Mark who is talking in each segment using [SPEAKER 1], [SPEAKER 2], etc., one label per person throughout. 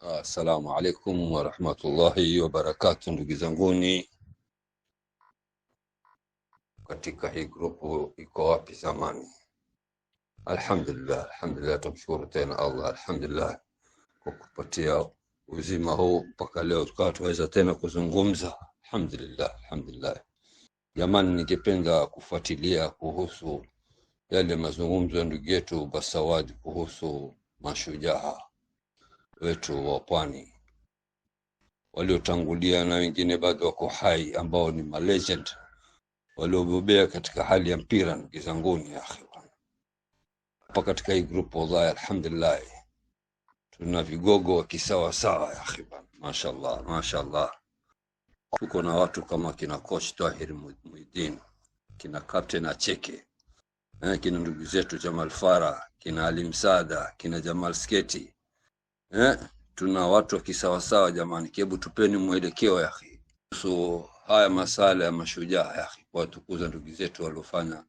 [SPEAKER 1] Assalamu alaikum warahmatullahi wabarakatu, ndugu zanguni katika hii grupu iko wapi zamani. Alhamdulillah, alhamdulillah, tumshukuru tena Allah, alhamdulillah kwa kupatia uzima huu mpaka leo tukawa tuweza tena kuzungumza. Alhamdulillah, alhamdulillah. Jamani, ningependa kufuatilia kuhusu yale mazungumzo ya ndugu yetu Basawadi kuhusu mashujaa wetu wa pwani waliotangulia na wengine bado wako hai ambao ni malegend waliobobea katika hali ya mpira kizanguni ya hapa katika hii group wallahi alhamdulillah tuna vigogo wa kisawasawa ya mashallah mashallah tuko na watu kama kina coach tahir muidin kina captain acheke eh, kina ndugu zetu jamal fara kina alimsada kina jamal sketi eh, tuna watu wa kisawasawa jamani, hebu tupeni mwelekeo ya akhi haya masala ya mashujaa ya akhi, ndugu zetu waliofanya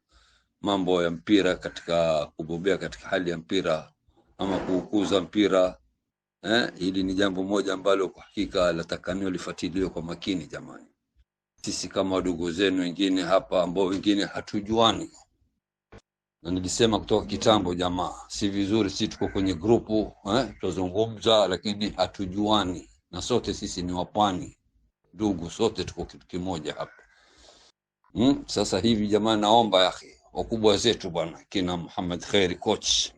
[SPEAKER 1] mambo ya mpira katika kubobea katika hali ya mpira ama kuukuza mpira eh, hili ni jambo moja ambalo kwa hakika latakaniwa lifuatiliwe kwa makini jamani. Sisi kama wadogo zenu wengine hapa ambao wengine hatujuani na nilisema kutoka kitambo, jamaa, si vizuri, si tuko kwenye grupu eh, tuzungumza lakini hatujuani, na sote sisi ni wapwani ndugu, sote tuko kitu kimoja hapa hmm. Sasa hivi jamaa, naomba yake wakubwa zetu bwana, kina Muhammad Khairi coach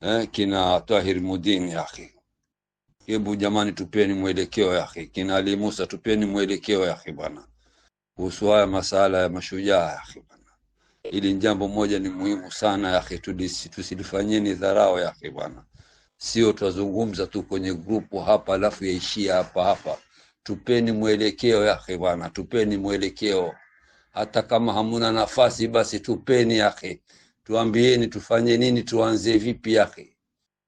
[SPEAKER 1] eh, kina Tahir Mudin yake, hebu jamani, tupeni mwelekeo yake, kina Ali Musa, tupeni mwelekeo yake bwana, kuhusu haya masala ya mashujaa yake ili jambo moja ni muhimu sana yake, tusilifanyeni dharau yake bwana, sio twazungumza tu kwenye grupu hapa alafu yaishia hapa hapa. Tupeni mwelekeo yake bwana, tupeni mwelekeo hata kama hamuna nafasi basi tupeni yake, tuambieni tufanye nini, tuanze vipi yake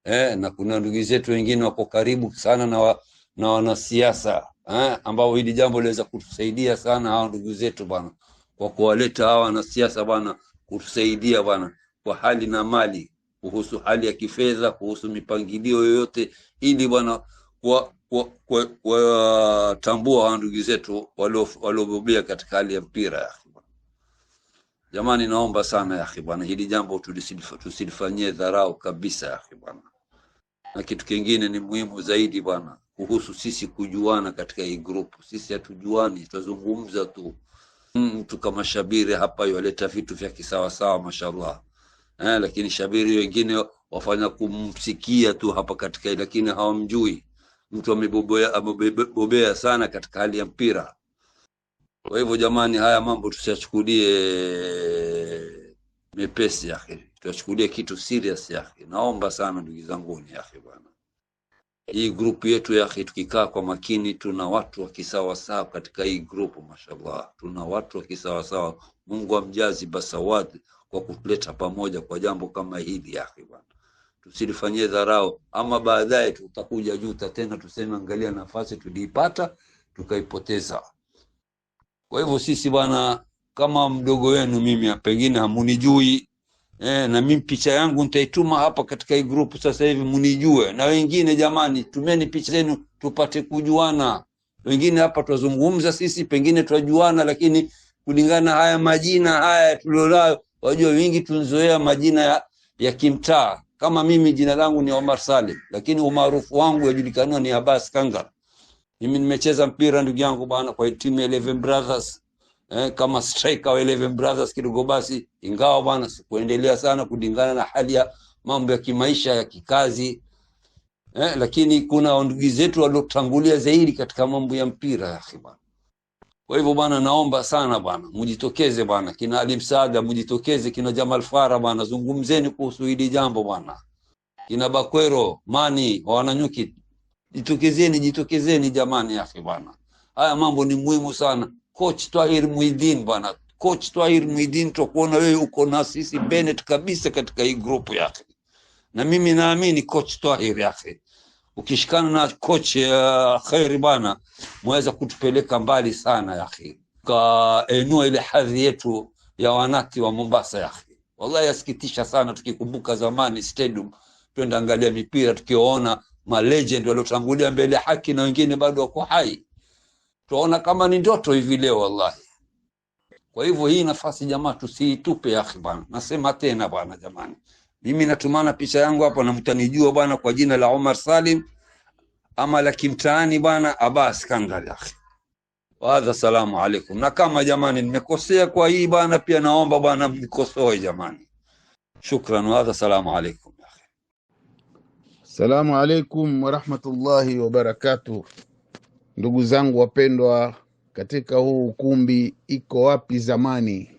[SPEAKER 1] eh. Na kuna ndugu zetu wengine wako karibu sana na, wa, na wanasiasa eh, ambao hili jambo liweza kutusaidia sana hao ndugu zetu bwana kwa kuwaleta hawa wanasiasa bwana kutusaidia bwana kwa hali na mali, kuhusu hali ya kifedha, kuhusu mipangilio yoyote, ili bwana kuwatambua wa ndugu zetu waliobobea katika hali ya mpira ya Jamani, naomba sana ya akhi bwana, hili jambo tusilifanyie dharau kabisa ya akhi bwana. Na kitu kingine ni muhimu zaidi bwana, kuhusu sisi kujuana katika hii grupu. Sisi hatujuani, tutazungumza tu Mtu kama Shabiri hapa yaleta vitu vya kisawasawa, mashallah eh, lakini Shabiri wengine wafanya kumsikia tu hapa katika, lakini hawamjui mtu amebobea, amebobea sana katika hali ya mpira. Kwa hivyo jamani, haya mambo tusiyachukulie mepesi yake, tuyachukulie kitu serious yake. Naomba sana ndugu zanguni yake bwana hii grupu yetu ya akhi, tukikaa kwa makini, tuna watu wa kisawasawa katika hii grupu. Mashallah, tuna watu wa kisawasawa. Mungu amjazi basawadi kwa kutuleta pamoja kwa jambo kama hili ya akhi bwana, tusilifanyie dharau, ama baadaye tutakuja juta tena tuseme, angalia nafasi tuliipata tukaipoteza. Kwa hivyo sisi bwana, kama mdogo wenu mimi, pengine hamunijui E, na mimi picha yangu nitaituma hapa katika hii grupu sasa hivi munijue, na wengine jamani, tumeni picha zenu tupate kujuana. Wengine hapa twazungumza sisi, pengine twajuana, lakini kulingana haya majina haya tulionayo, wajua wengi tunzoea majina ya, ya kimtaa. Kama mimi jina langu ni Omar Salim, lakini umaarufu wangu yajulikaniwa ni Abbas Kangara. Mimi nimecheza mpira ndugu yangu bana, kwa timu ya Eleven Brothers eh, kama striker wa Eleven Brothers kidogo basi, ingawa bwana sikuendelea sana kulingana na hali ya mambo ya kimaisha ya kikazi eh, lakini kuna ndugu zetu waliotangulia zaidi katika mambo ya mpira ya khiba. Kwa hivyo bwana, naomba sana bwana, mjitokeze bwana, kina Ali Msaga mjitokeze, kina Jamal Fara bwana, zungumzeni kuhusu hili jambo bwana, kina Bakwero Mani wa Wananyuki, jitokezeni, jitokezeni jamani, akhi bwana, haya mambo ni muhimu sana. Coach Tahir Muidin bana, Coach Tahir Muidin tutakuona wewe uko na sisi Bennett kabisa katika hii grupu yake, na mimi naamini Coach Tahir yake ukishikana na coach uh, Khairi bwana mweza kutupeleka mbali sana yake, kaenua ile e hadhi yetu ya wanati wa Mombasa yake. Wallahi yasikitisha sana tukikumbuka zamani stadium, twenda angalia mipira tukiona tukiwaona malegend waliotangulia mbele haki na wengine bado wako hai tunaona kama ni ndoto hivi leo wallahi. Kwa hivyo hii nafasi jamaa tusiitupe akhi bwana. Nasema tena bwana jamani. Mimi natumana picha yangu hapa na mtanijua bwana kwa jina la Omar Salim ama la kimtaani bwana Abbas Kandari akhi. Wadha salamu alaikum. Na kama jamani nimekosea kwa hii bwana pia naomba bwana mnikosoe jamani. Shukran wadha salamu alaikum.
[SPEAKER 2] Salamu alaikum wa barakatuh. Ndugu zangu wapendwa, katika huu ukumbi iko wapi zamani,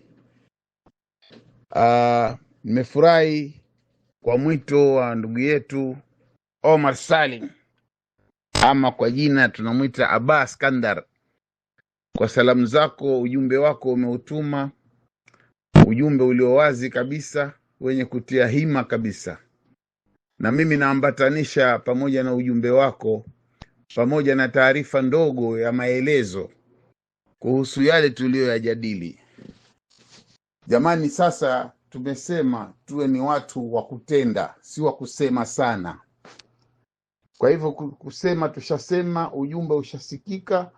[SPEAKER 2] ah, nimefurahi kwa mwito wa ndugu yetu Omar Salim ama kwa jina tunamwita Aba Skandar, kwa salamu zako, ujumbe wako umeutuma, ujumbe ulio wazi kabisa, wenye kutia hima kabisa, na mimi naambatanisha pamoja na ujumbe wako pamoja na taarifa ndogo ya maelezo kuhusu yale tuliyoyajadili. Jamani, sasa tumesema tuwe ni watu wa kutenda, si wa kusema sana. Kwa hivyo kusema, tushasema, ujumbe ushasikika,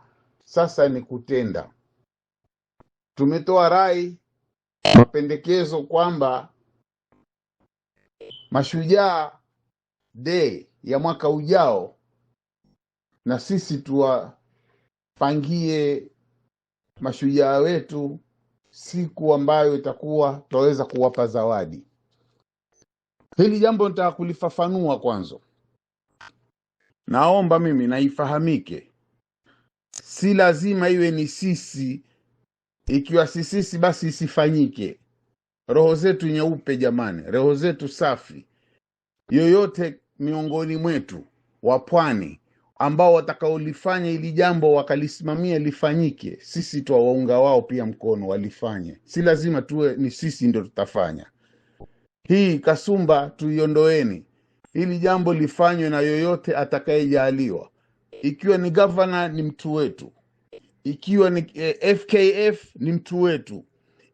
[SPEAKER 2] sasa ni kutenda. Tumetoa rai, mapendekezo kwamba Mashujaa de ya mwaka ujao na sisi tuwapangie mashujaa wetu siku ambayo itakuwa tutaweza kuwapa zawadi. Hili jambo nitaka kulifafanua kwanza. Naomba mimi naifahamike, si lazima iwe ni sisi. Ikiwa si sisi, basi isifanyike. Roho zetu nyeupe jamani, roho zetu safi, yoyote miongoni mwetu wa pwani ambao watakaolifanya ili jambo wakalisimamia lifanyike, sisi twawaunga wao pia mkono walifanye. Si lazima tuwe ni sisi ndio tutafanya. Hii kasumba tuiondoeni, hili jambo lifanywe na yoyote atakayejaliwa, ikiwa ni gavana ni mtu wetu, ikiwa ni eh, FKF ni mtu wetu,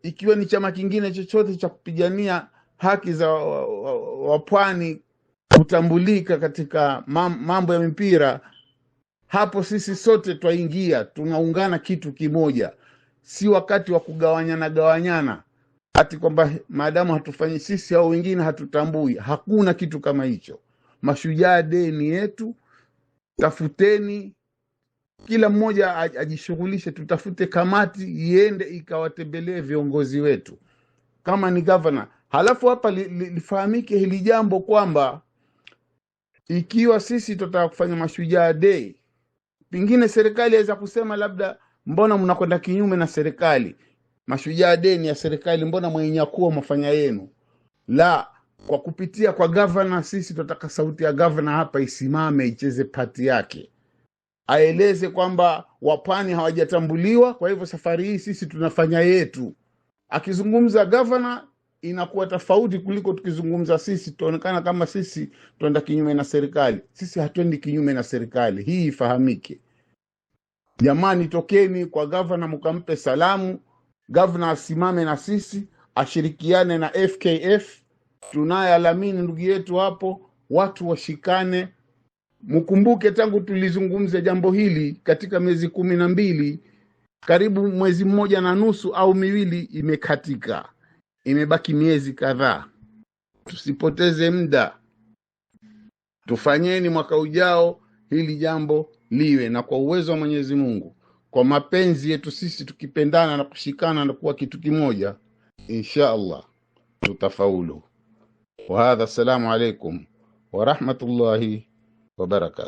[SPEAKER 2] ikiwa ni chama kingine chochote cha kupigania haki za wapwani kutambulika katika mambo ya mipira, hapo sisi sote twaingia, tunaungana kitu kimoja. Si wakati wa kugawanyana gawanyana, ati kwamba maadamu hatufanyi sisi au wengine hatutambui. Hakuna kitu kama hicho. Mashujaa deni yetu, tafuteni kila mmoja ajishughulishe, tutafute kamati iende ikawatembelee viongozi wetu, kama ni gavana. Halafu hapa lifahamike hili jambo kwamba ikiwa sisi tutataka kufanya mashujaa day, pengine serikali aweza kusema labda, mbona mnakwenda kinyume na serikali? Mashujaa day ni ya serikali, mbona mwenyakuwa mafanya yenu? La, kwa kupitia kwa gavana, sisi tunataka sauti ya gavana hapa isimame, icheze pati yake, aeleze kwamba wapwani hawajatambuliwa, kwa hivyo safari hii sisi tunafanya yetu. Akizungumza gavana inakuwa tofauti kuliko tukizungumza sisi tuonekana kama sisi tuenda kinyume na serikali. Sisi hatuendi kinyume na serikali, hii ifahamike. Jamani, tokeni kwa gavana mkampe salamu. Gavana asimame na sisi, ashirikiane na FKF. Tunaye Alamini ndugu yetu hapo, watu washikane. Mkumbuke tangu tulizungumza jambo hili katika miezi kumi na mbili, karibu mwezi mmoja na nusu au miwili imekatika imebaki miezi kadhaa, tusipoteze muda, tufanyeni mwaka ujao hili jambo liwe, na kwa uwezo wa Mwenyezi Mungu, kwa mapenzi yetu sisi, tukipendana na kushikana na kuwa kitu kimoja, insha Allah tutafaulu. hadha, assalamu alaikum warahmatullahi wabarakatu.